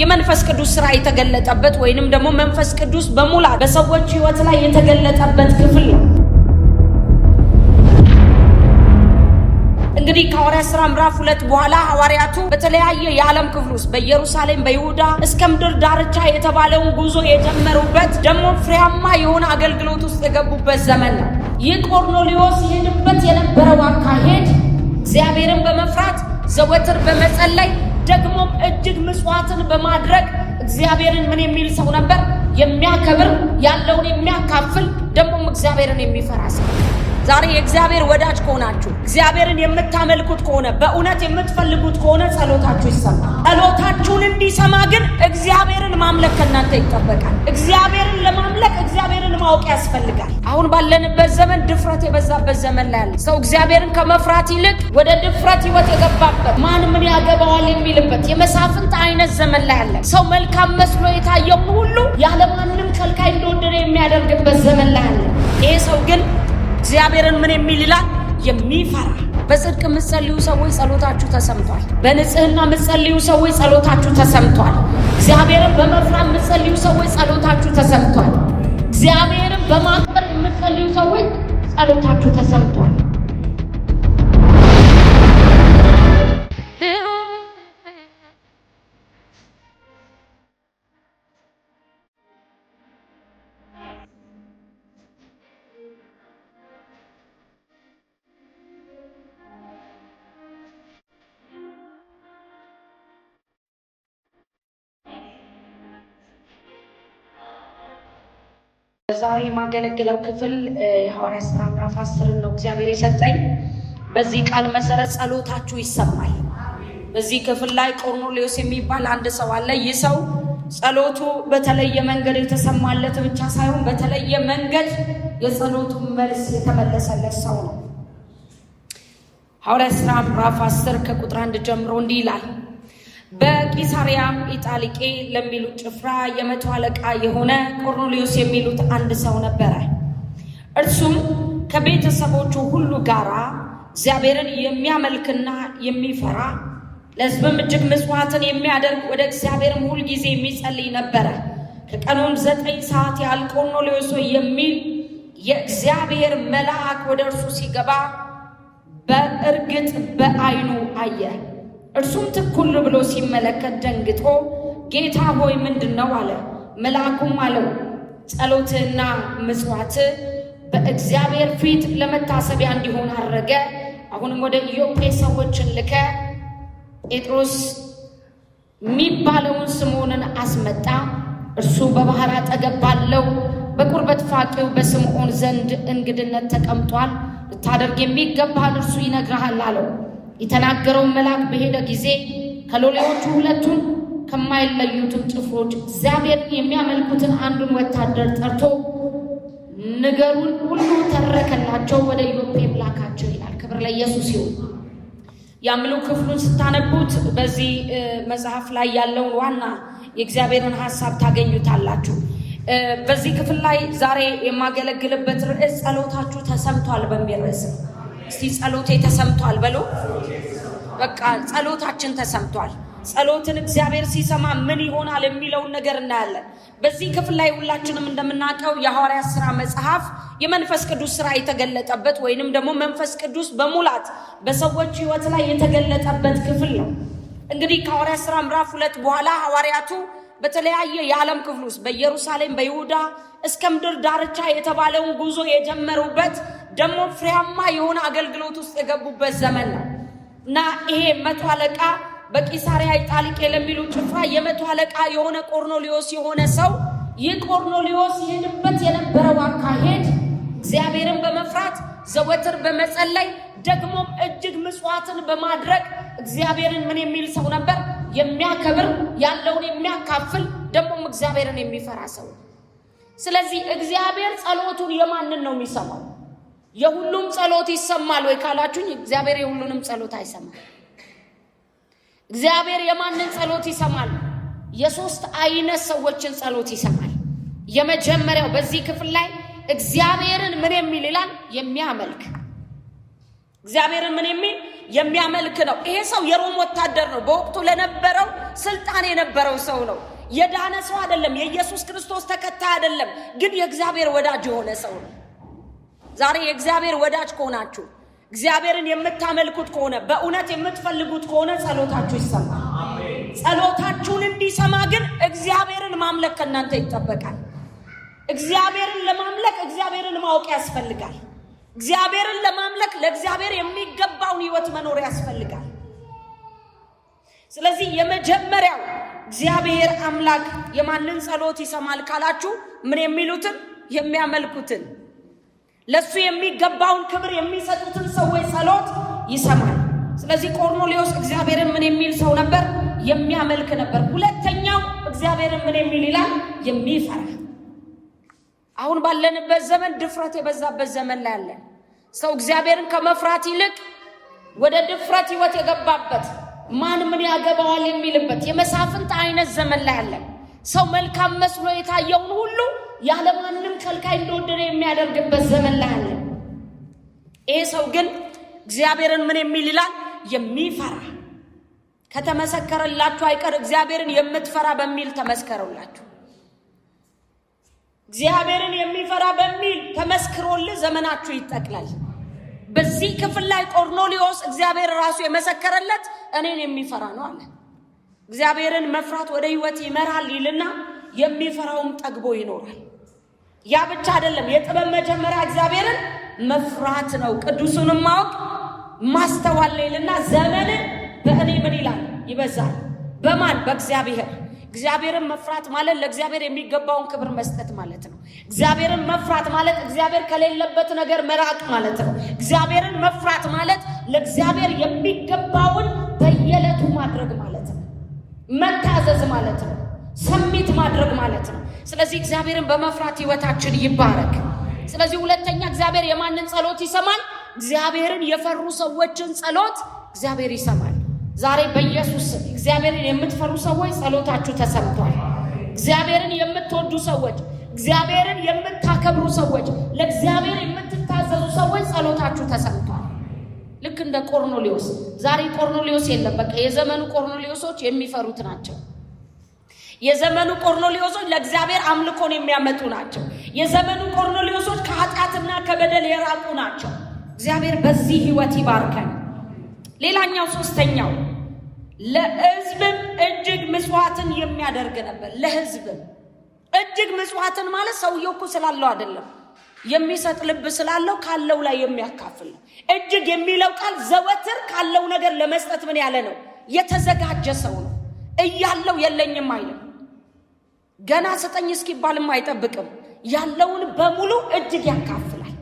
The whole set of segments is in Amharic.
የመንፈስ ቅዱስ ስራ የተገለጠበት ወይንም ደግሞ መንፈስ ቅዱስ በሙላ በሰዎች ህይወት ላይ የተገለጠበት ክፍል ነው። እንግዲህ ከሐዋርያ ሥራ ምዕራፍ ሁለት በኋላ ሐዋርያቱ በተለያየ የዓለም ክፍል ውስጥ በኢየሩሳሌም፣ በይሁዳ እስከ ምድር ዳርቻ የተባለውን ጉዞ የጀመሩበት ደግሞ ፍሬያማ የሆነ አገልግሎት ውስጥ የገቡበት ዘመን ነው። ይህ ቆርኔሌዎስ ይሄድበት የነበረው አካሄድ እግዚአብሔርን በመፍራት ዘወትር በመጸለይ ደግሞም እጅግ ምጽዋትን በማድረግ እግዚአብሔርን ምን የሚል ሰው ነበር? የሚያከብር፣ ያለውን የሚያካፍል ደግሞም እግዚአብሔርን የሚፈራ ሰው ዛሬ የእግዚአብሔር ወዳጅ ከሆናችሁ እግዚአብሔርን የምታመልኩት ከሆነ በእውነት የምትፈልጉት ከሆነ ጸሎታችሁ ይሰማ። ጸሎታችሁን እንዲሰማ ግን እግዚአብሔርን ማምለክ ከእናንተ ይጠበቃል። እግዚአብሔርን ለማምለክ እግዚአብሔርን ማወቅ ያስፈልጋል። አሁን ባለንበት ዘመን ድፍረት የበዛበት ዘመን ላይ ያለ ሰው እግዚአብሔርን ከመፍራት ይልቅ ወደ ድፍረት ህይወት የገባበት ማን ምን ያገባዋል የሚልበት የመሳፍንት አይነት ዘመን ላይ ያለ ሰው መልካም መስሎ የታየውን ሁሉ ያለማንም ከልካይ እንደወደደ የሚያደርግበት ዘመን ላይ ያለ ይሄ ሰው ግን እግዚአብሔርን ምን የሚል ይላል? የሚፈራ በጽድቅ የምትጸልዩ ሰዎች ጸሎታችሁ ተሰምቷል። በንጽህና የምትጸልዩ ሰዎች ጸሎታችሁ ተሰምቷል። እግዚአብሔርን በመፍራት የምትጸልዩ ሰዎች ጸሎታችሁ ተሰምቷል። እግዚአብሔርን በማክበር የምትጸልዩ ሰዎች ጸሎታችሁ ተሰምቷል። ዛሬ የማገለግለው ክፍል ሐዋርያት ስራ ምዕራፍ አስርን ነው እግዚአብሔር የሰጠኝ። በዚህ ቃል መሰረት ጸሎታችሁ ይሰማል። በዚህ ክፍል ላይ ቆርኔሌዎስ የሚባል አንድ ሰው አለ። ይህ ሰው ጸሎቱ በተለየ መንገድ የተሰማለት ብቻ ሳይሆን በተለየ መንገድ የጸሎቱ መልስ የተመለሰለት ሰው ነው። ሐዋርያት ስራ ምዕራፍ አስር ከቁጥር አንድ ጀምሮ እንዲህ ይላል በቂሳሪያ ኢጣሊቄ ለሚሉ ጭፍራ የመቶ አለቃ የሆነ ቆርኔሊዮስ የሚሉት አንድ ሰው ነበረ። እርሱም ከቤተሰቦቹ ሁሉ ጋር እግዚአብሔርን የሚያመልክና የሚፈራ ለሕዝብም እጅግ ምጽዋትን የሚያደርግ ወደ እግዚአብሔርም ሁል ጊዜ የሚጸልይ ነበረ። ከቀኑም ዘጠኝ ሰዓት ያህል ቆርኔሊዮስ የሚል የእግዚአብሔር መልአክ ወደ እርሱ ሲገባ በእርግጥ በዓይኑ አየ። እርሱም ትኩር ብሎ ሲመለከት ደንግጦ ጌታ ሆይ ምንድን ነው አለ። መልአኩም አለው ጸሎትህና ምጽዋትህ በእግዚአብሔር ፊት ለመታሰቢያ እንዲሆን አድረገ። አሁንም ወደ ኢዮጴ ሰዎችን ልከ ጴጥሮስ የሚባለውን ስምዖንን አስመጣ። እርሱ በባህር አጠገብ ባለው በቁርበት ፋቂው በስምዖን ዘንድ እንግድነት ተቀምጧል። ልታደርግ የሚገባህን እርሱ ይነግርሃል አለው። የተናገረውን መልአክ በሄደ ጊዜ ከሎሌዎቹ ሁለቱን ከማይለዩትም ጭፍሮች እግዚአብሔርን የሚያመልኩትን አንዱን ወታደር ጠርቶ ነገሩን ሁሉ ተረከላቸው፣ ወደ ኢዮጴ ላካቸው ይላል። ክብር ለኢየሱስ ይሁን። የአምልኮ ክፍሉን ስታነቡት በዚህ መጽሐፍ ላይ ያለውን ዋና የእግዚአብሔርን ሀሳብ ታገኙታላችሁ። በዚህ ክፍል ላይ ዛሬ የማገለግልበት ርዕስ ጸሎታችሁ ተሰምቷል በሚል ርዕስ ነው። እስቲ ጸሎቴ ተሰምቷል በሎ። በቃ ጸሎታችን ተሰምቷል። ጸሎትን እግዚአብሔር ሲሰማ ምን ይሆናል የሚለውን ነገር እናያለን። በዚህ ክፍል ላይ ሁላችንም እንደምናውቀው የሐዋርያት ሥራ መጽሐፍ የመንፈስ ቅዱስ ሥራ የተገለጠበት ወይንም ደግሞ መንፈስ ቅዱስ በሙላት በሰዎች ሕይወት ላይ የተገለጠበት ክፍል ነው። እንግዲህ ከሐዋርያት ሥራ ምዕራፍ ሁለት በኋላ ሐዋርያቱ በተለያየ የዓለም ክፍል ውስጥ በኢየሩሳሌም፣ በይሁዳ እስከ ምድር ዳርቻ የተባለውን ጉዞ የጀመሩበት ደግሞ ፍሬያማ የሆነ አገልግሎት ውስጥ የገቡበት ዘመን ነው እና ይሄ መቶ አለቃ በቂሳሪያ ኢጣሊቄ ለሚሉ ጭፍራ የመቶ አለቃ የሆነ ቆርኔሌዎስ የሆነ ሰው ይህ ቆርኔሌዎስ ይሄድበት የነበረው አካሄድ እግዚአብሔርን በመፍራት ዘወትር በመጸለይ ደግሞም እጅግ ምጽዋትን በማድረግ እግዚአብሔርን ምን የሚል ሰው ነበር? የሚያከብር ያለውን የሚያካፍል ደግሞም እግዚአብሔርን የሚፈራ ሰው። ስለዚህ እግዚአብሔር ጸሎቱን የማንን ነው የሚሰማው? የሁሉም ጸሎት ይሰማል ወይ ካላችሁኝ፣ እግዚአብሔር የሁሉንም ጸሎት አይሰማም። እግዚአብሔር የማንን ጸሎት ይሰማል? የሶስት አይነት ሰዎችን ጸሎት ይሰማል። የመጀመሪያው በዚህ ክፍል ላይ እግዚአብሔርን ምን የሚል ይላል? የሚያመልክ እግዚአብሔርን ምን የሚል የሚያመልክ ነው። ይሄ ሰው የሮም ወታደር ነው። በወቅቱ ለነበረው ስልጣን የነበረው ሰው ነው። የዳነ ሰው አይደለም። የኢየሱስ ክርስቶስ ተከታይ አይደለም፣ ግን የእግዚአብሔር ወዳጅ የሆነ ሰው ነው። ዛሬ የእግዚአብሔር ወዳጅ ከሆናችሁ እግዚአብሔርን የምታመልኩት ከሆነ በእውነት የምትፈልጉት ከሆነ ጸሎታችሁ ይሰማል። ጸሎታችሁን እንዲሰማ ግን እግዚአብሔርን ማምለክ ከእናንተ ይጠበቃል። እግዚአብሔርን ለማምለክ እግዚአብሔርን ማወቅ ያስፈልጋል። እግዚአብሔርን ለማምለክ ለእግዚአብሔር የሚገባውን ህይወት መኖር ያስፈልጋል። ስለዚህ የመጀመሪያው እግዚአብሔር አምላክ የማንን ጸሎት ይሰማል ካላችሁ፣ ምን የሚሉትን የሚያመልኩትን፣ ለእሱ የሚገባውን ክብር የሚሰጡትን ሰዎች ጸሎት ይሰማል። ስለዚህ ቆርኔሌዎስ እግዚአብሔርን ምን የሚል ሰው ነበር? የሚያመልክ ነበር። ሁለተኛው እግዚአብሔርን ምን የሚል ይላል? የሚፈራ አሁን ባለንበት ዘመን ድፍረት የበዛበት ዘመን ላይ አለን። ሰው እግዚአብሔርን ከመፍራት ይልቅ ወደ ድፍረት ህይወት የገባበት ማን ምን ያገባዋል የሚልበት የመሳፍንት አይነት ዘመን ላይ አለን። ሰው መልካም መስሎ የታየውን ሁሉ ያለማንም ከልካይ እንደወደደ የሚያደርግበት ዘመን ላይ አለን። ይሄ ሰው ግን እግዚአብሔርን ምን የሚል ይላል? የሚፈራ ከተመሰከረላችሁ አይቀር እግዚአብሔርን የምትፈራ በሚል ተመስከረውላችሁ። እግዚአብሔርን የሚፈራ በሚል ተመስክሮልህ ዘመናችሁ ይጠቅላል። በዚህ ክፍል ላይ ቆርኔሊዮስ እግዚአብሔር ራሱ የመሰከረለት እኔን የሚፈራ ነው አለ። እግዚአብሔርን መፍራት ወደ ህይወት ይመራል ይልና የሚፈራውም ጠግቦ ይኖራል። ያ ብቻ አይደለም። የጥበብ መጀመሪያ እግዚአብሔርን መፍራት ነው፣ ቅዱሱንም ማወቅ ማስተዋል ይልና ዘመን በእኔ ምን ይላል ይበዛል። በማን በእግዚአብሔር። እግዚአብሔርን መፍራት ማለት ለእግዚአብሔር የሚገባውን ክብር መስጠት ማለት ነው። እግዚአብሔርን መፍራት ማለት እግዚአብሔር ከሌለበት ነገር መራቅ ማለት ነው። እግዚአብሔርን መፍራት ማለት ለእግዚአብሔር የሚገባውን በየዕለቱ ማድረግ ማለት ነው። መታዘዝ ማለት ነው። ሰሚት ማድረግ ማለት ነው። ስለዚህ እግዚአብሔርን በመፍራት ህይወታችን ይባረክ። ስለዚህ ሁለተኛ እግዚአብሔር የማንን ጸሎት ይሰማል? እግዚአብሔርን የፈሩ ሰዎችን ጸሎት እግዚአብሔር ይሰማል። ዛሬ በኢየሱስ እግዚአብሔርን የምትፈሩ ሰዎች ጸሎታችሁ ተሰምቷል። እግዚአብሔርን የምትወዱ ሰዎች እግዚአብሔርን የምታከብሩ ሰዎች፣ ለእግዚአብሔር የምትታዘዙ ሰዎች ጸሎታችሁ ተሰምቷል። ልክ እንደ ቆርኔሌዎስ ዛሬ ቆርኔሌዎስ የለም። በቃ የዘመኑ ቆርኔሌዎሶች የሚፈሩት ናቸው። የዘመኑ ቆርኔሌዎሶች ለእግዚአብሔር አምልኮን የሚያመጡ ናቸው። የዘመኑ ቆርኔሌዎሶች ከኃጢአትና ከበደል የራቁ ናቸው። እግዚአብሔር በዚህ ህይወት ይባርከን። ሌላኛው ሶስተኛው ለህዝብም እጅግ ምጽዋትን የሚያደርግ ነበር። ለህዝብም እጅግ ምጽዋትን ማለት ሰውየው እኮ ስላለው አይደለም የሚሰጥ ልብ ስላለው ካለው ላይ የሚያካፍል ነው። እጅግ የሚለው ቃል ዘወትር ካለው ነገር ለመስጠት ምን ያለ ነው? የተዘጋጀ ሰው ነው። እያለው የለኝም አይልም። ገና ስጠኝ እስኪባልም አይጠብቅም። ያለውን በሙሉ እጅግ ያካፍላል።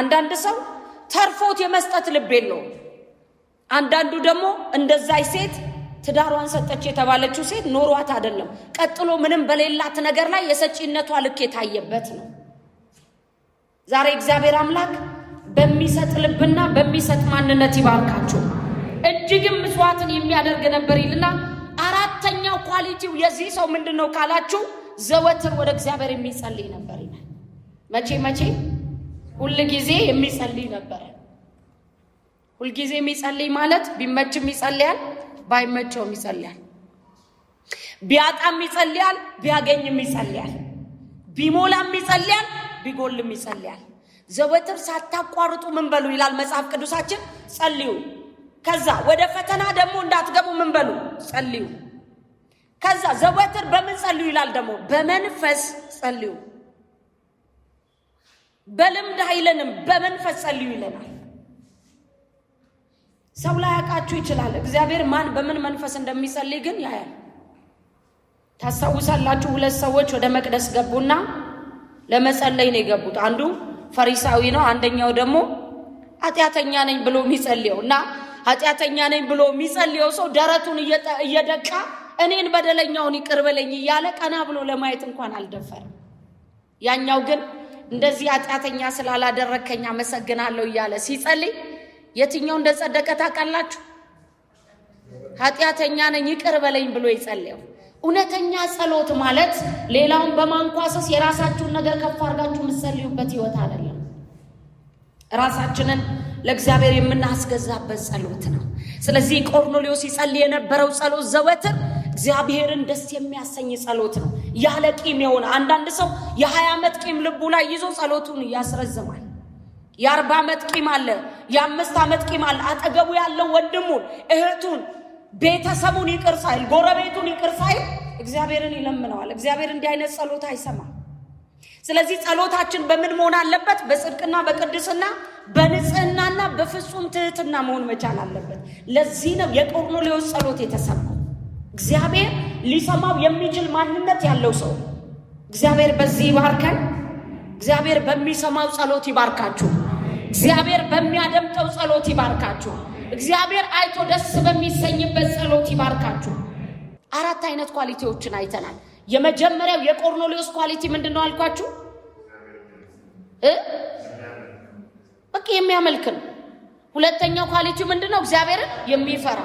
አንዳንድ ሰው ተርፎት የመስጠት ልብ የለውም። አንዳንዱ ደግሞ እንደዛይ ሴት ትዳሯን ሰጠች የተባለችው ሴት ኖሯት አይደለም። ቀጥሎ ምንም በሌላት ነገር ላይ የሰጪነቷ ልክ የታየበት ነው። ዛሬ እግዚአብሔር አምላክ በሚሰጥ ልብና በሚሰጥ ማንነት ይባርካችሁ። እጅግም ምጽዋትን የሚያደርግ ነበር ይልና አራተኛው ኳሊቲው የዚህ ሰው ምንድን ነው ካላችሁ፣ ዘወትር ወደ እግዚአብሔር የሚጸልይ ነበር ይላል። መቼ መቼ? ሁል ጊዜ የሚጸልይ ነበር። ሁልጊዜ የሚጸልይ ማለት ቢመችም ይጸልያል ባይመቸውም ይጸልያል። ቢያጣም ይጸልያል፣ ቢያገኝም ይጸልያል፣ ቢሞላም ይጸልያል፣ ቢጎልም ይጸልያል። ዘወትር ሳታቋርጡ ምን በሉ ይላል መጽሐፍ ቅዱሳችን፣ ጸልዩ። ከዛ ወደ ፈተና ደግሞ እንዳትገቡ ምን በሉ ጸልዩ። ከዛ ዘወትር በምን ጸልዩ ይላል ደግሞ በመንፈስ ጸልዩ። በልምድ አይለንም፣ በመንፈስ ጸልዩ ይለናል። ሰው ላያውቃችሁ ይችላል። እግዚአብሔር ማን በምን መንፈስ እንደሚጸልይ ግን ያያል። ታስታውሳላችሁ? ሁለት ሰዎች ወደ መቅደስ ገቡና ለመጸለይ ነው የገቡት። አንዱ ፈሪሳዊ ነው፣ አንደኛው ደግሞ ኃጢአተኛ ነኝ ብሎ የሚጸልየው እና ኃጢአተኛ ነኝ ብሎ የሚጸልየው ሰው ደረቱን እየደቃ እኔን በደለኛውን ይቅርብልኝ እያለ ቀና ብሎ ለማየት እንኳን አልደፈርም። ያኛው ግን እንደዚህ ኃጢአተኛ ስላላደረከኝ አመሰግናለሁ እያለ ሲጸልይ የትኛው እንደጸደቀ ታውቃላችሁ? ኃጢአተኛ ነኝ ይቅር በለኝ ብሎ የጸለየው። እውነተኛ ጸሎት ማለት ሌላውን በማንኳሰስ የራሳችሁን ነገር ከፍ አድርጋችሁ የምትጸልዩበት ህይወት አይደለም። ራሳችንን ለእግዚአብሔር የምናስገዛበት ጸሎት ነው። ስለዚህ ቆርኔሌዎስ ይጸል የነበረው ጸሎት ዘወትር እግዚአብሔርን ደስ የሚያሰኝ ጸሎት ነው። ያለ ቂም የሆነ አንዳንድ ሰው የሀያ ዓመት ቂም ልቡ ላይ ይዞ ጸሎቱን እያስረዝማል። የአርባ ዓመት ቂም አለ፣ የአምስት ዓመት ቂም አለ። አጠገቡ ያለው ወንድሙን፣ እህቱን፣ ቤተሰቡን ይቅር ሳይል ጎረቤቱን ይቅር ሳይል እግዚአብሔርን ይለምነዋል። እግዚአብሔር እንዲህ አይነት ጸሎት አይሰማም። ስለዚህ ጸሎታችን በምን መሆን አለበት? በጽድቅና በቅድስና በንጽህናና በፍጹም ትህትና መሆን መቻል አለበት። ለዚህ ነው የቆርኔሌዎስ ጸሎት የተሰማው። እግዚአብሔር ሊሰማው የሚችል ማንነት ያለው ሰው እግዚአብሔር በዚህ ይባርከን። እግዚአብሔር በሚሰማው ጸሎት ይባርካችሁ። እግዚአብሔር በሚያደምጠው ጸሎት ይባርካችሁ። እግዚአብሔር አይቶ ደስ በሚሰኝበት ጸሎት ይባርካችሁ። አራት አይነት ኳሊቲዎችን አይተናል። የመጀመሪያው የቆርኔሌዎስ ኳሊቲ ምንድን ነው አልኳችሁ? በቃ የሚያመልክ ነው። ሁለተኛው ኳሊቲው ምንድን ነው? እግዚአብሔርን የሚፈራ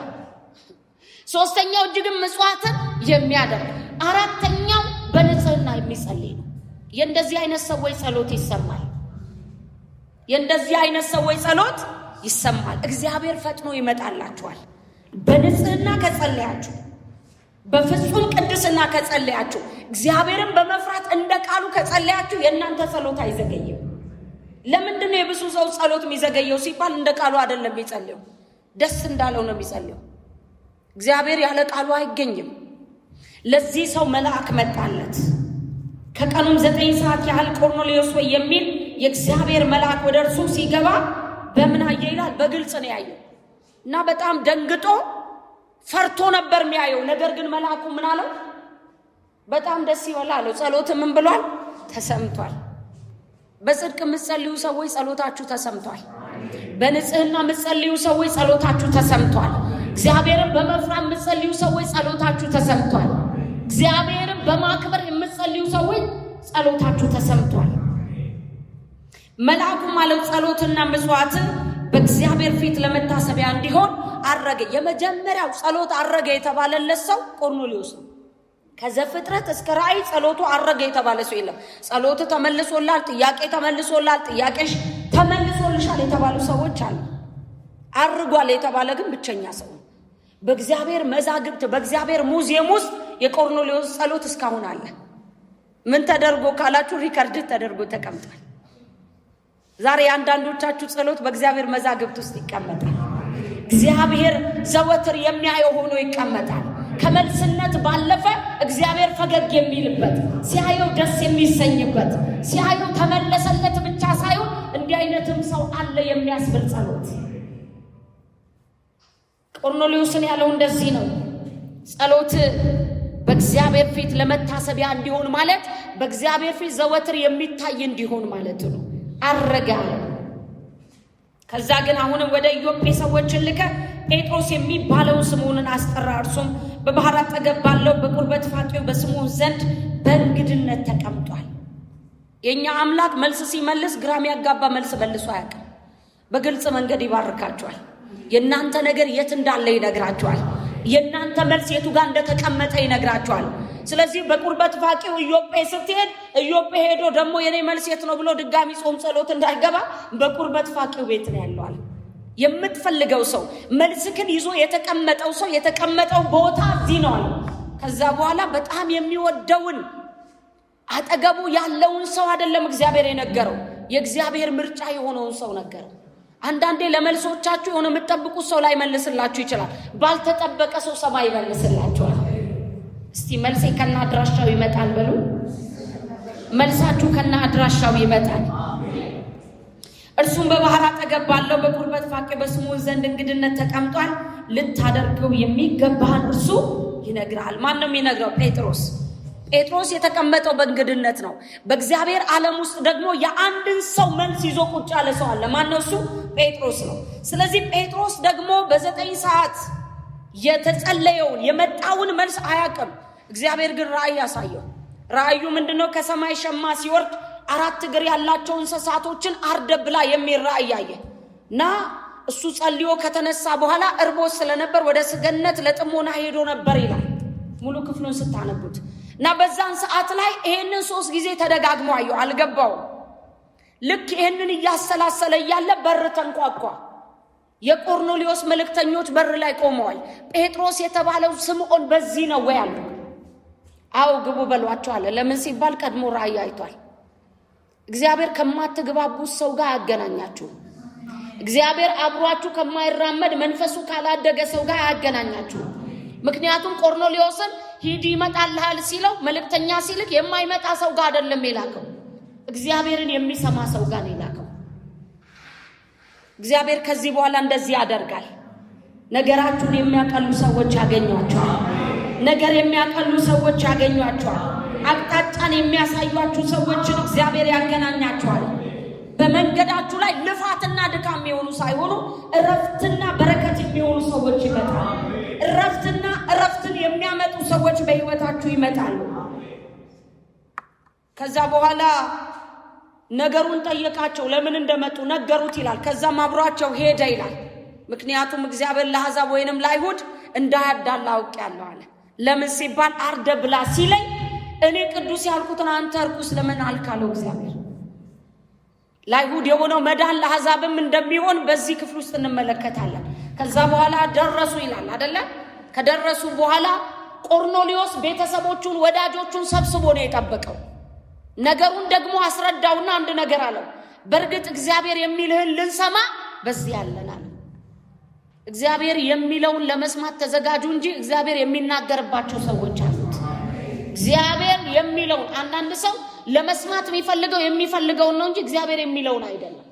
ሶስተኛው እጅግም ምጽዋትን የሚያደርግ አራተኛው በንጽህና የሚጸልይ ነው። የእንደዚህ አይነት ሰዎች ጸሎት ይሰማል። የእንደዚህ አይነት ሰዎች ጸሎት ይሰማል። እግዚአብሔር ፈጥኖ ይመጣላችኋል። በንጽህና ከጸለያችሁ፣ በፍጹም ቅድስና ከጸለያችሁ፣ እግዚአብሔርን በመፍራት እንደ ቃሉ ከጸለያችሁ የእናንተ ጸሎት አይዘገይም። ለምንድን ነው የብዙ ሰው ጸሎት የሚዘገየው ሲባል እንደ ቃሉ አይደለም የሚጸልየው፣ ደስ እንዳለው ነው የሚጸልየው። እግዚአብሔር ያለ ቃሉ አይገኝም። ለዚህ ሰው መልአክ መጣለት። ከቀኑም ዘጠኝ ሰዓት ያህል ቆርኔሌዎስ ወይ የሚል የእግዚአብሔር መልአክ ወደ እርሱ ሲገባ በምን አየ ይላል? በግልጽ ነው ያየው እና በጣም ደንግጦ ፈርቶ ነበር የሚያየው። ነገር ግን መልአኩ ምን አለው? በጣም ደስ ይበል አለው። ጸሎት ምን ብሏል? ተሰምቷል። በጽድቅ የምትጸልዩ ሰዎች ጸሎታችሁ ተሰምቷል። በንጽህና የምትጸልዩ ሰዎች ጸሎታችሁ ተሰምቷል። እግዚአብሔርን በመፍራት የምትጸልዩ ሰዎች ጸሎታችሁ ተሰምቷል። እግዚአብሔርን በማክበር የምትጸልዩ ሰዎች ጸሎታችሁ ተሰምቷል። መልአኩ ማለት ጸሎትና ምጽዋትን በእግዚአብሔር ፊት ለመታሰቢያ እንዲሆን አረገ። የመጀመሪያው ጸሎት አረገ የተባለለት ሰው ቆርኔሌዎስ ነው። ከዘፍጥረት እስከ ራእይ ጸሎቱ አረገ የተባለ ሰው የለም። ጸሎት ተመልሶላል፣ ጥያቄ ተመልሶላል፣ ጥያቄሽ ተመልሶልሻል የተባሉ ሰዎች አሉ። አርጓል የተባለ ግን ብቸኛ ሰው ነው። በእግዚአብሔር መዛግብት፣ በእግዚአብሔር ሙዚየም ውስጥ የቆርኔሌዎስ ጸሎት እስካሁን አለ። ምን ተደርጎ ካላችሁ ሪከርድ ተደርጎ ተቀምጧል። ዛሬ የአንዳንዶቻችሁ ጸሎት በእግዚአብሔር መዛግብት ውስጥ ይቀመጣል። እግዚአብሔር ዘወትር የሚያየው ሆኖ ይቀመጣል። ከመልስነት ባለፈ እግዚአብሔር ፈገግ የሚልበት ሲያየው ደስ የሚሰኝበት ሲያየው ተመለሰለት ብቻ ሳይሆን እንዲህ አይነትም ሰው አለ የሚያስብል ጸሎት ቆርኔሌዎስን ያለው እንደዚህ ነው። ጸሎት በእግዚአብሔር ፊት ለመታሰቢያ እንዲሆን ማለት በእግዚአብሔር ፊት ዘወትር የሚታይ እንዲሆን ማለት ነው። አረገ ከዛ ግን አሁንም ወደ ኢዮጴ ሰዎችን ልከ ጴጥሮስ የሚባለውን ስምዖንን አስጠራ። እርሱም በባህር አጠገብ ባለው በቁርበት ፋቂው በስምዖን ዘንድ በእንግድነት ተቀምጧል። የእኛ አምላክ መልስ ሲመልስ ግራም ያጋባ መልስ መልሶ አያውቅም። በግልጽ መንገድ ይባርካቸዋል። የእናንተ ነገር የት እንዳለ ይነግራቸዋል። የእናንተ መልስ የቱ ጋር እንደተቀመጠ ይነግራቸዋል። ስለዚህ በቁርበት ፋቂው እዮጴ ስትሄድ እዮጴ ሄዶ ደግሞ የኔ መልስ የት ነው ብሎ ድጋሚ ጾም ጸሎት እንዳይገባ በቁርበት ፋቂው ቤት ነው ያለዋል። የምትፈልገው ሰው መልስክን ይዞ የተቀመጠው ሰው የተቀመጠው ቦታ እዚህ ነው። ከዛ በኋላ በጣም የሚወደውን አጠገቡ ያለውን ሰው አይደለም እግዚአብሔር የነገረው የእግዚአብሔር ምርጫ የሆነውን ሰው ነገረው። አንዳንዴ ለመልሶቻችሁ የሆነ የምትጠብቁት ሰው ላይ መልስላችሁ ይችላል። ባልተጠበቀ ሰው ሰማይ ይመልስላችኋል። እስቲ መልሴ ከና አድራሻው ይመጣል በሉ። መልሳችሁ ከና አድራሻው ይመጣል። እርሱም በባህር አጠገብ ባለው በቁርበት ፋቄ በስምዖን ዘንድ እንግድነት ተቀምጧል። ልታደርገው የሚገባህን እርሱ ይነግርሃል። ማን ነው የሚነግረው? ጴጥሮስ። ጴጥሮስ የተቀመጠው በእንግድነት ነው። በእግዚአብሔር ዓለም ውስጥ ደግሞ የአንድን ሰው መልስ ይዞ ቁጭ ያለ ሰው አለ። ማን ነው እሱ? ጴጥሮስ ነው። ስለዚህ ጴጥሮስ ደግሞ በዘጠኝ ሰዓት የተጸለየውን የመጣውን መልስ አያውቅም። እግዚአብሔር ግን ራእይ ያሳየው። ራእዩ ምንድነው ከሰማይ ሸማ ሲወርድ አራት እግር ያላቸው እንስሳቶችን አርደ ብላ የሚል ራእይ ያየ እና እሱ ጸልዮ ከተነሳ በኋላ እርቦ ስለነበር ወደ ስገነት ለጥሞና ሄዶ ነበር ይላል። ሙሉ ክፍሉን ስታነቡት እና በዛን ሰዓት ላይ ይሄንን ሶስት ጊዜ ተደጋግሞ አየው። አልገባውም። ልክ ይሄንን እያሰላሰለ እያለ በር ተንኳኳ። የቆርኔሌዎስ መልእክተኞች በር ላይ ቆመዋል። ጴጥሮስ የተባለው ስምዖን በዚህ ነው ወይ አሉ። አው ግቡ በሏቸዋለ። አለ። ለምን ሲባል ቀድሞ ራእይ አይቷል። እግዚአብሔር ከማትግባቡት ሰው ጋር አያገናኛችሁም። እግዚአብሔር አብሯችሁ ከማይራመድ መንፈሱ ካላደገ ሰው ጋር አገናኛችሁ ምክንያቱም ቆርኔሌዎስን ሂድ ይመጣልሃል ሲለው መልእክተኛ ሲልክ የማይመጣ ሰው ጋር አይደለም የላከው፣ እግዚአብሔርን የሚሰማ ሰው ጋር ነው የላከው። እግዚአብሔር ከዚህ በኋላ እንደዚህ ያደርጋል። ነገራችሁን የሚያቀሉ ሰዎች ያገኟቸዋል። ነገር የሚያቀሉ ሰዎች ያገኟቸዋል። አቅጣጫን የሚያሳዩአችሁ ሰዎችን እግዚአብሔር ያገናኛቸዋል። በመንገዳችሁ ላይ ልፋትና ድካም የሆኑ ሳይሆኑ እረፍትና በረከት የሚሆኑ ሰዎች ይመጣሉ። እረፍትና እረፍትን የሚያመጡ ሰዎች በሕይወታችሁ ይመጣሉ። ከዛ በኋላ ነገሩን ጠየቃቸው፣ ለምን እንደመጡ ነገሩት ይላል። ከዛም አብሯቸው ሄደ ይላል። ምክንያቱም እግዚአብሔር ለአሕዛብ ወይንም ለአይሁድ እንዳያዳላ አውቄአለሁ አለ። ለምን ሲባል አርደ ብላ ሲለኝ እኔ ቅዱስ ያልኩትን አንተ እርኩስ ለምን አልካለው? እግዚአብሔር ለአይሁድ የሆነው መዳን ለአሕዛብም እንደሚሆን በዚህ ክፍል ውስጥ እንመለከታለን። ከዛ በኋላ ደረሱ ይላል አደለ? ከደረሱ በኋላ ቆርኔሊዮስ ቤተሰቦቹን ወዳጆቹን ሰብስቦ ነው የጠበቀው። ነገሩን ደግሞ አስረዳውና አንድ ነገር አለው። በእርግጥ እግዚአብሔር የሚልህን ልንሰማ በዚህ ያለናል እግዚአብሔር የሚለውን ለመስማት ተዘጋጁ እንጂ እግዚአብሔር የሚናገርባቸው ሰዎች አሉት። እግዚአብሔር የሚለውን አንዳንድ ሰው ለመስማት የሚፈልገው የሚፈልገውን ነው እንጂ እግዚአብሔር የሚለውን አይደለም።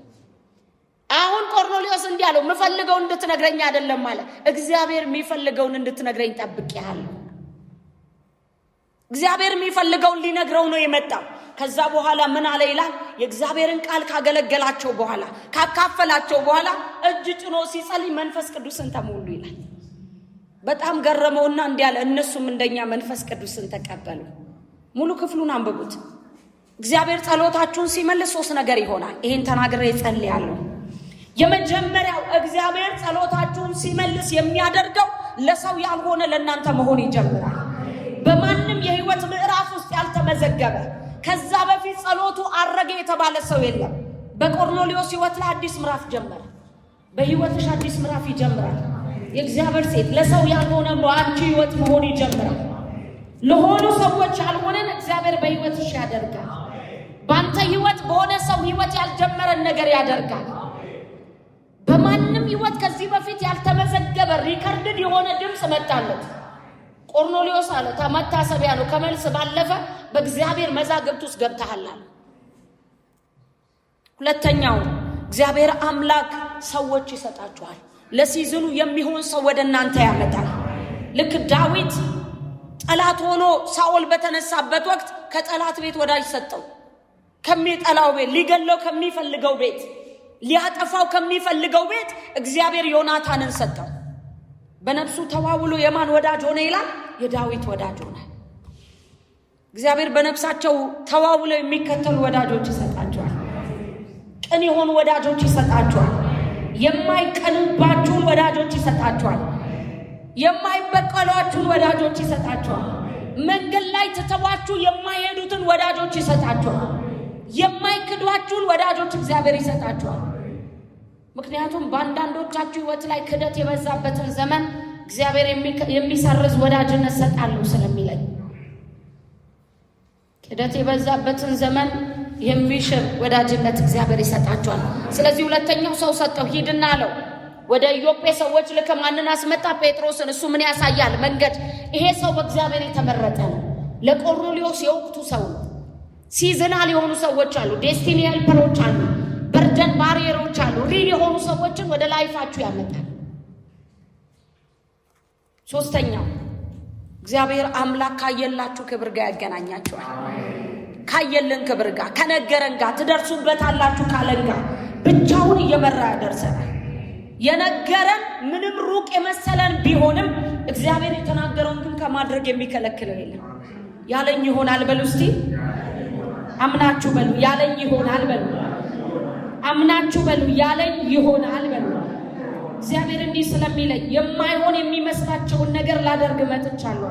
አሁን ቆርኔሌዎስ እንዲህ አለው፣ የምፈልገውን እንድትነግረኝ አይደለም ማለት እግዚአብሔር የሚፈልገውን እንድትነግረኝ ጠብቄሃለሁ። እግዚአብሔር የሚፈልገውን ሊነግረው ነው የመጣው። ከዛ በኋላ ምን አለ ይላል? የእግዚአብሔርን ቃል ካገለገላቸው በኋላ ካካፈላቸው በኋላ እጅ ጭኖ ሲጸልይ መንፈስ ቅዱስን ተሞሉ ይላል። በጣም ገረመውና እንዲህ አለ፣ እነሱም እንደኛ መንፈስ ቅዱስን ተቀበሉ። ሙሉ ክፍሉን አንብቡት። እግዚአብሔር ጸሎታችሁን ሲመልስ ሶስት ነገር ይሆናል። ይህን ተናግሬ ያለው። የመጀመሪያው እግዚአብሔር ጸሎታችሁን ሲመልስ የሚያደርገው ለሰው ያልሆነ ለእናንተ መሆን ይጀምራል። በማንም የህይወት ምዕራፍ ውስጥ ያልተመዘገበ ከዛ በፊት ጸሎቱ አረገ የተባለ ሰው የለም። በቆርኔሌዎስ ህይወት ላይ አዲስ ምዕራፍ ጀመረ። በህይወትሽ አዲስ ምዕራፍ ይጀምራል። የእግዚአብሔር ሴት ለሰው ያልሆነ በአንቺ ህይወት መሆን ይጀምራል። ለሆኑ ሰዎች ያልሆነን እግዚአብሔር በህይወትሽ ያደርጋል። በአንተ ህይወት በሆነ ሰው ህይወት ያልጀመረን ነገር ያደርጋል። በማንም ህይወት ከዚህ በፊት ያልተመዘገበ ሪከርድድ የሆነ ድምፅ መጣለት። ቆርኔሌዎስ አለ መታሰቢያ ነው ከመልስ ባለፈ በእግዚአብሔር መዛግብት ውስጥ ገብተሃል አለ። ሁለተኛው እግዚአብሔር አምላክ ሰዎች ይሰጣችኋል። ለሲዝኑ የሚሆን ሰው ወደ እናንተ ያመጣል። ልክ ዳዊት ጠላት ሆኖ ሳኦል በተነሳበት ወቅት ከጠላት ቤት ወዳጅ ሰጠው። ከሚጠላው ቤት፣ ሊገለው ከሚፈልገው ቤት፣ ሊያጠፋው ከሚፈልገው ቤት እግዚአብሔር ዮናታንን ሰጠው። በነፍሱ ተዋውሎ የማን ወዳጅ ሆነ ይላል? የዳዊት ወዳጅ ሆነ። እግዚአብሔር በነፍሳቸው ተዋውለው የሚከተሉ ወዳጆች ይሰጣቸዋል። ቅን የሆኑ ወዳጆች ይሰጣቸዋል። የማይቀንባችሁን ወዳጆች ይሰጣቸዋል። የማይበቀሏችሁን ወዳጆች ይሰጣቸዋል። መንገድ ላይ ትተዋችሁ የማይሄዱትን ወዳጆች ይሰጣቸዋል። የማይክዷችሁን ወዳጆች እግዚአብሔር ይሰጣቸዋል። ምክንያቱም በአንዳንዶቻችሁ ሕይወት ላይ ክደት የበዛበትን ዘመን እግዚአብሔር የሚሰርዝ ወዳጅነት ሰጣለሁ ስለሚለኝ ቅደት የበዛበትን ዘመን የሚሽር ወዳጅነት እግዚአብሔር ይሰጣቸዋል። ስለዚህ ሁለተኛው ሰው ሰጠው ሂድና አለው። ወደ ኢዮጴ ሰዎች ልከ ማንን አስመጣ? ጴጥሮስን። እሱ ምን ያሳያል? መንገድ። ይሄ ሰው በእግዚአብሔር የተመረጠ ነው። ለቆርኔሊዮስ የወቅቱ ሰው ሲዝናል የሆኑ ሰዎች አሉ። ዴስቲኒ ሄልፐሮች አሉ። በርደን ባሪየሮች አሉ። ሪል የሆኑ ሰዎችን ወደ ላይፋችሁ ያመጣል። ሶስተኛው እግዚአብሔር አምላክ ካየላችሁ ክብር ጋር ያገናኛችኋል። ካየልን ክብር ጋር ከነገረን ጋር ትደርሱበታላችሁ ካለን ጋር ብቻውን እየመራ ያደርሰናል። የነገረን ምንም ሩቅ የመሰለን ቢሆንም እግዚአብሔር የተናገረውን ግን ከማድረግ የሚከለክለው የለም። ያለኝ ይሆናል በሉ እስቲ አምናችሁ በሉ። ያለኝ ይሆናል በሉ። አምናችሁ በሉ። ያለኝ ይሆናል በሉ። እግዚአብሔር እንዲህ ስለሚለኝ የማይሆን የሚመስላቸውን ነገር ላደርግ መጥቻለሁ።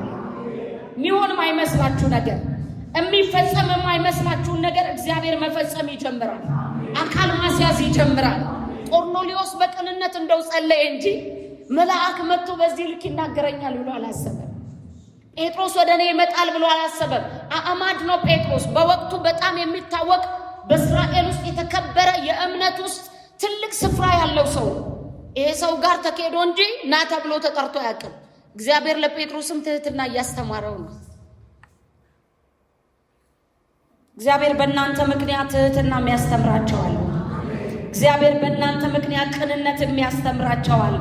የሚሆን የማይመስላችሁ ነገር የሚፈጸም የማይመስላችሁን ነገር እግዚአብሔር መፈጸም ይጀምራል። አካል ማስያዝ ይጀምራል። ቆርኔሌዎስ በቅንነት እንደው ጸለየ እንጂ መልአክ መጥቶ በዚህ ልክ ይናገረኛል ብሎ አላሰበም። ጴጥሮስ ወደ እኔ ይመጣል ብሎ አላሰበም። አእማድ ነው ጴጥሮስ በወቅቱ በጣም የሚታወቅ በእስራኤል ውስጥ የተከበረ የእምነት ውስጥ ትልቅ ስፍራ ያለው ሰው ነው። ይሄ ሰው ጋር ተካሄዶ እንጂ ና ተብሎ ተጠርቶ አያውቅም። እግዚአብሔር ለጴጥሮስም ትህትና እያስተማረው ነው። እግዚአብሔር በእናንተ ምክንያት ትህትና የሚያስተምራቸዋል። እግዚአብሔር በእናንተ ምክንያት ቅንነት የሚያስተምራቸዋል።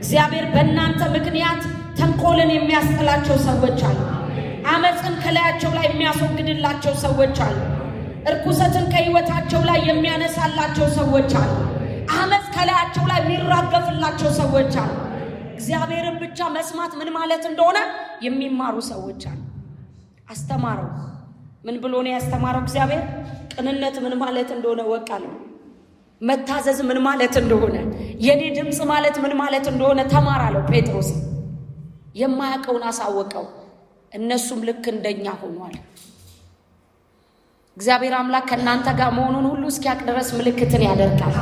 እግዚአብሔር በእናንተ ምክንያት ተንኮልን የሚያስጥላቸው ሰዎች አሉ። አመፅን ከላያቸው ላይ የሚያስወግድላቸው ሰዎች አሉ። እርኩሰትን ከህይወታቸው ላይ የሚያነሳላቸው ሰዎች አሉ። አመፅ ከላያቸው ላይ የሚራገፍላቸው ሰዎች አሉ። እግዚአብሔርን ብቻ መስማት ምን ማለት እንደሆነ የሚማሩ ሰዎች አሉ። አስተማረው። ምን ብሎ ነው ያስተማረው? እግዚአብሔር ቅንነት ምን ማለት እንደሆነ ወቃለሁ። መታዘዝ ምን ማለት እንደሆነ፣ የኔ ድምፅ ማለት ምን ማለት እንደሆነ ተማራለሁ። ጴጥሮስ የማያውቀውን አሳወቀው። እነሱም ልክ እንደኛ ሆኗል። እግዚአብሔር አምላክ ከእናንተ ጋር መሆኑን ሁሉ እስኪያቅ ድረስ ምልክትን ያደርጋል።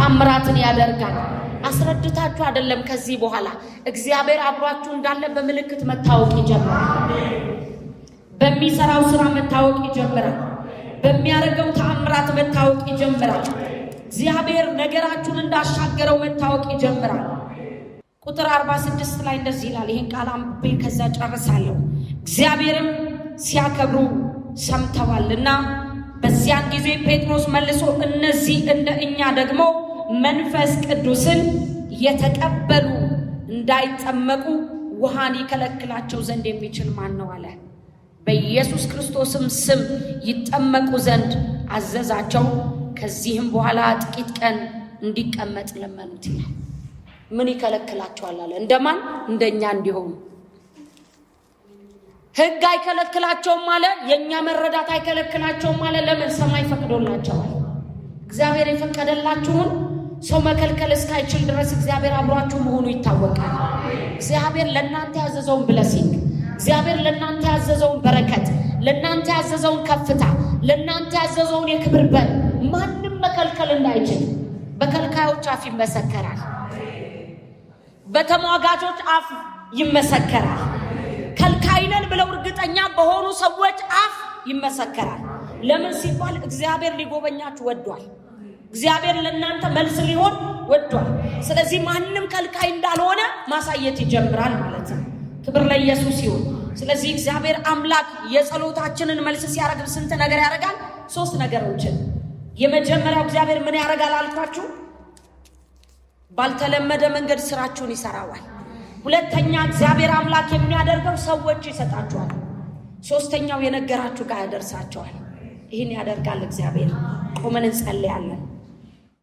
ተአምራትን ያደርጋል። አስረድታችሁ አይደለም። ከዚህ በኋላ እግዚአብሔር አብሯችሁ እንዳለ በምልክት መታወቅ ይጀምራል። በሚሰራው ስራ መታወቅ ይጀምራል። በሚያደርገው ተአምራት መታወቅ ይጀምራል። እግዚአብሔር ነገራችሁን እንዳሻገረው መታወቅ ይጀምራል። ቁጥር 46 ላይ እንደዚህ ይላል። ይህን ቃል አንብቤ ከዛ ጨርሳለሁ። እግዚአብሔርም ሲያከብሩ ሰምተዋልና በዚያን ጊዜ ጴጥሮስ መልሶ እነዚህ እንደ እኛ ደግሞ መንፈስ ቅዱስን የተቀበሉ እንዳይጠመቁ ውሃን ይከለክላቸው ዘንድ የሚችል ማን ነው አለ። በኢየሱስ ክርስቶስም ስም ይጠመቁ ዘንድ አዘዛቸው። ከዚህም በኋላ ጥቂት ቀን እንዲቀመጥ ለመኑት ይላል። ምን ይከለክላቸዋል አለ? እንደማን እንደኛ እንዲሆኑ ህግ አይከለክላቸውም አለ። የእኛ መረዳት አይከለክላቸውም አለ። ለምን? ሰማይ ፈቅዶላቸዋል። እግዚአብሔር የፈቀደላችሁን ሰው መከልከል እስካይችል ድረስ እግዚአብሔር አብሯችሁ መሆኑ ይታወቃል። እግዚአብሔር ለእናንተ ያዘዘውን ብለሲንግ፣ እግዚአብሔር ለእናንተ ያዘዘውን በረከት፣ ለእናንተ ያዘዘውን ከፍታ፣ ለእናንተ ያዘዘውን የክብር በር ማንም መከልከል እንዳይችል በከልካዮች አፍ ይመሰከራል። በተሟጋቾች አፍ ይመሰከራል። ከልካይነን ብለው እርግጠኛ በሆኑ ሰዎች አፍ ይመሰከራል። ለምን ሲባል እግዚአብሔር ሊጎበኛችሁ ወዷል። እግዚአብሔር ለእናንተ መልስ ሊሆን ወዷል። ስለዚህ ማንም ከልካይ እንዳልሆነ ማሳየት ይጀምራል ማለት ነው። ክብር ለኢየሱስ ይሁን። ስለዚህ እግዚአብሔር አምላክ የጸሎታችንን መልስ ሲያደርግ ስንት ነገር ያደርጋል? ሶስት ነገሮችን። የመጀመሪያው እግዚአብሔር ምን ያደርጋል አልኳችሁ? ባልተለመደ መንገድ ስራችሁን ይሰራዋል። ሁለተኛ እግዚአብሔር አምላክ የሚያደርገው ሰዎች ይሰጣችኋል። ሶስተኛው የነገራችሁ ጋር ያደርሳቸዋል። ይህን ያደርጋል እግዚአብሔር። ቆመን እንጸልያለን።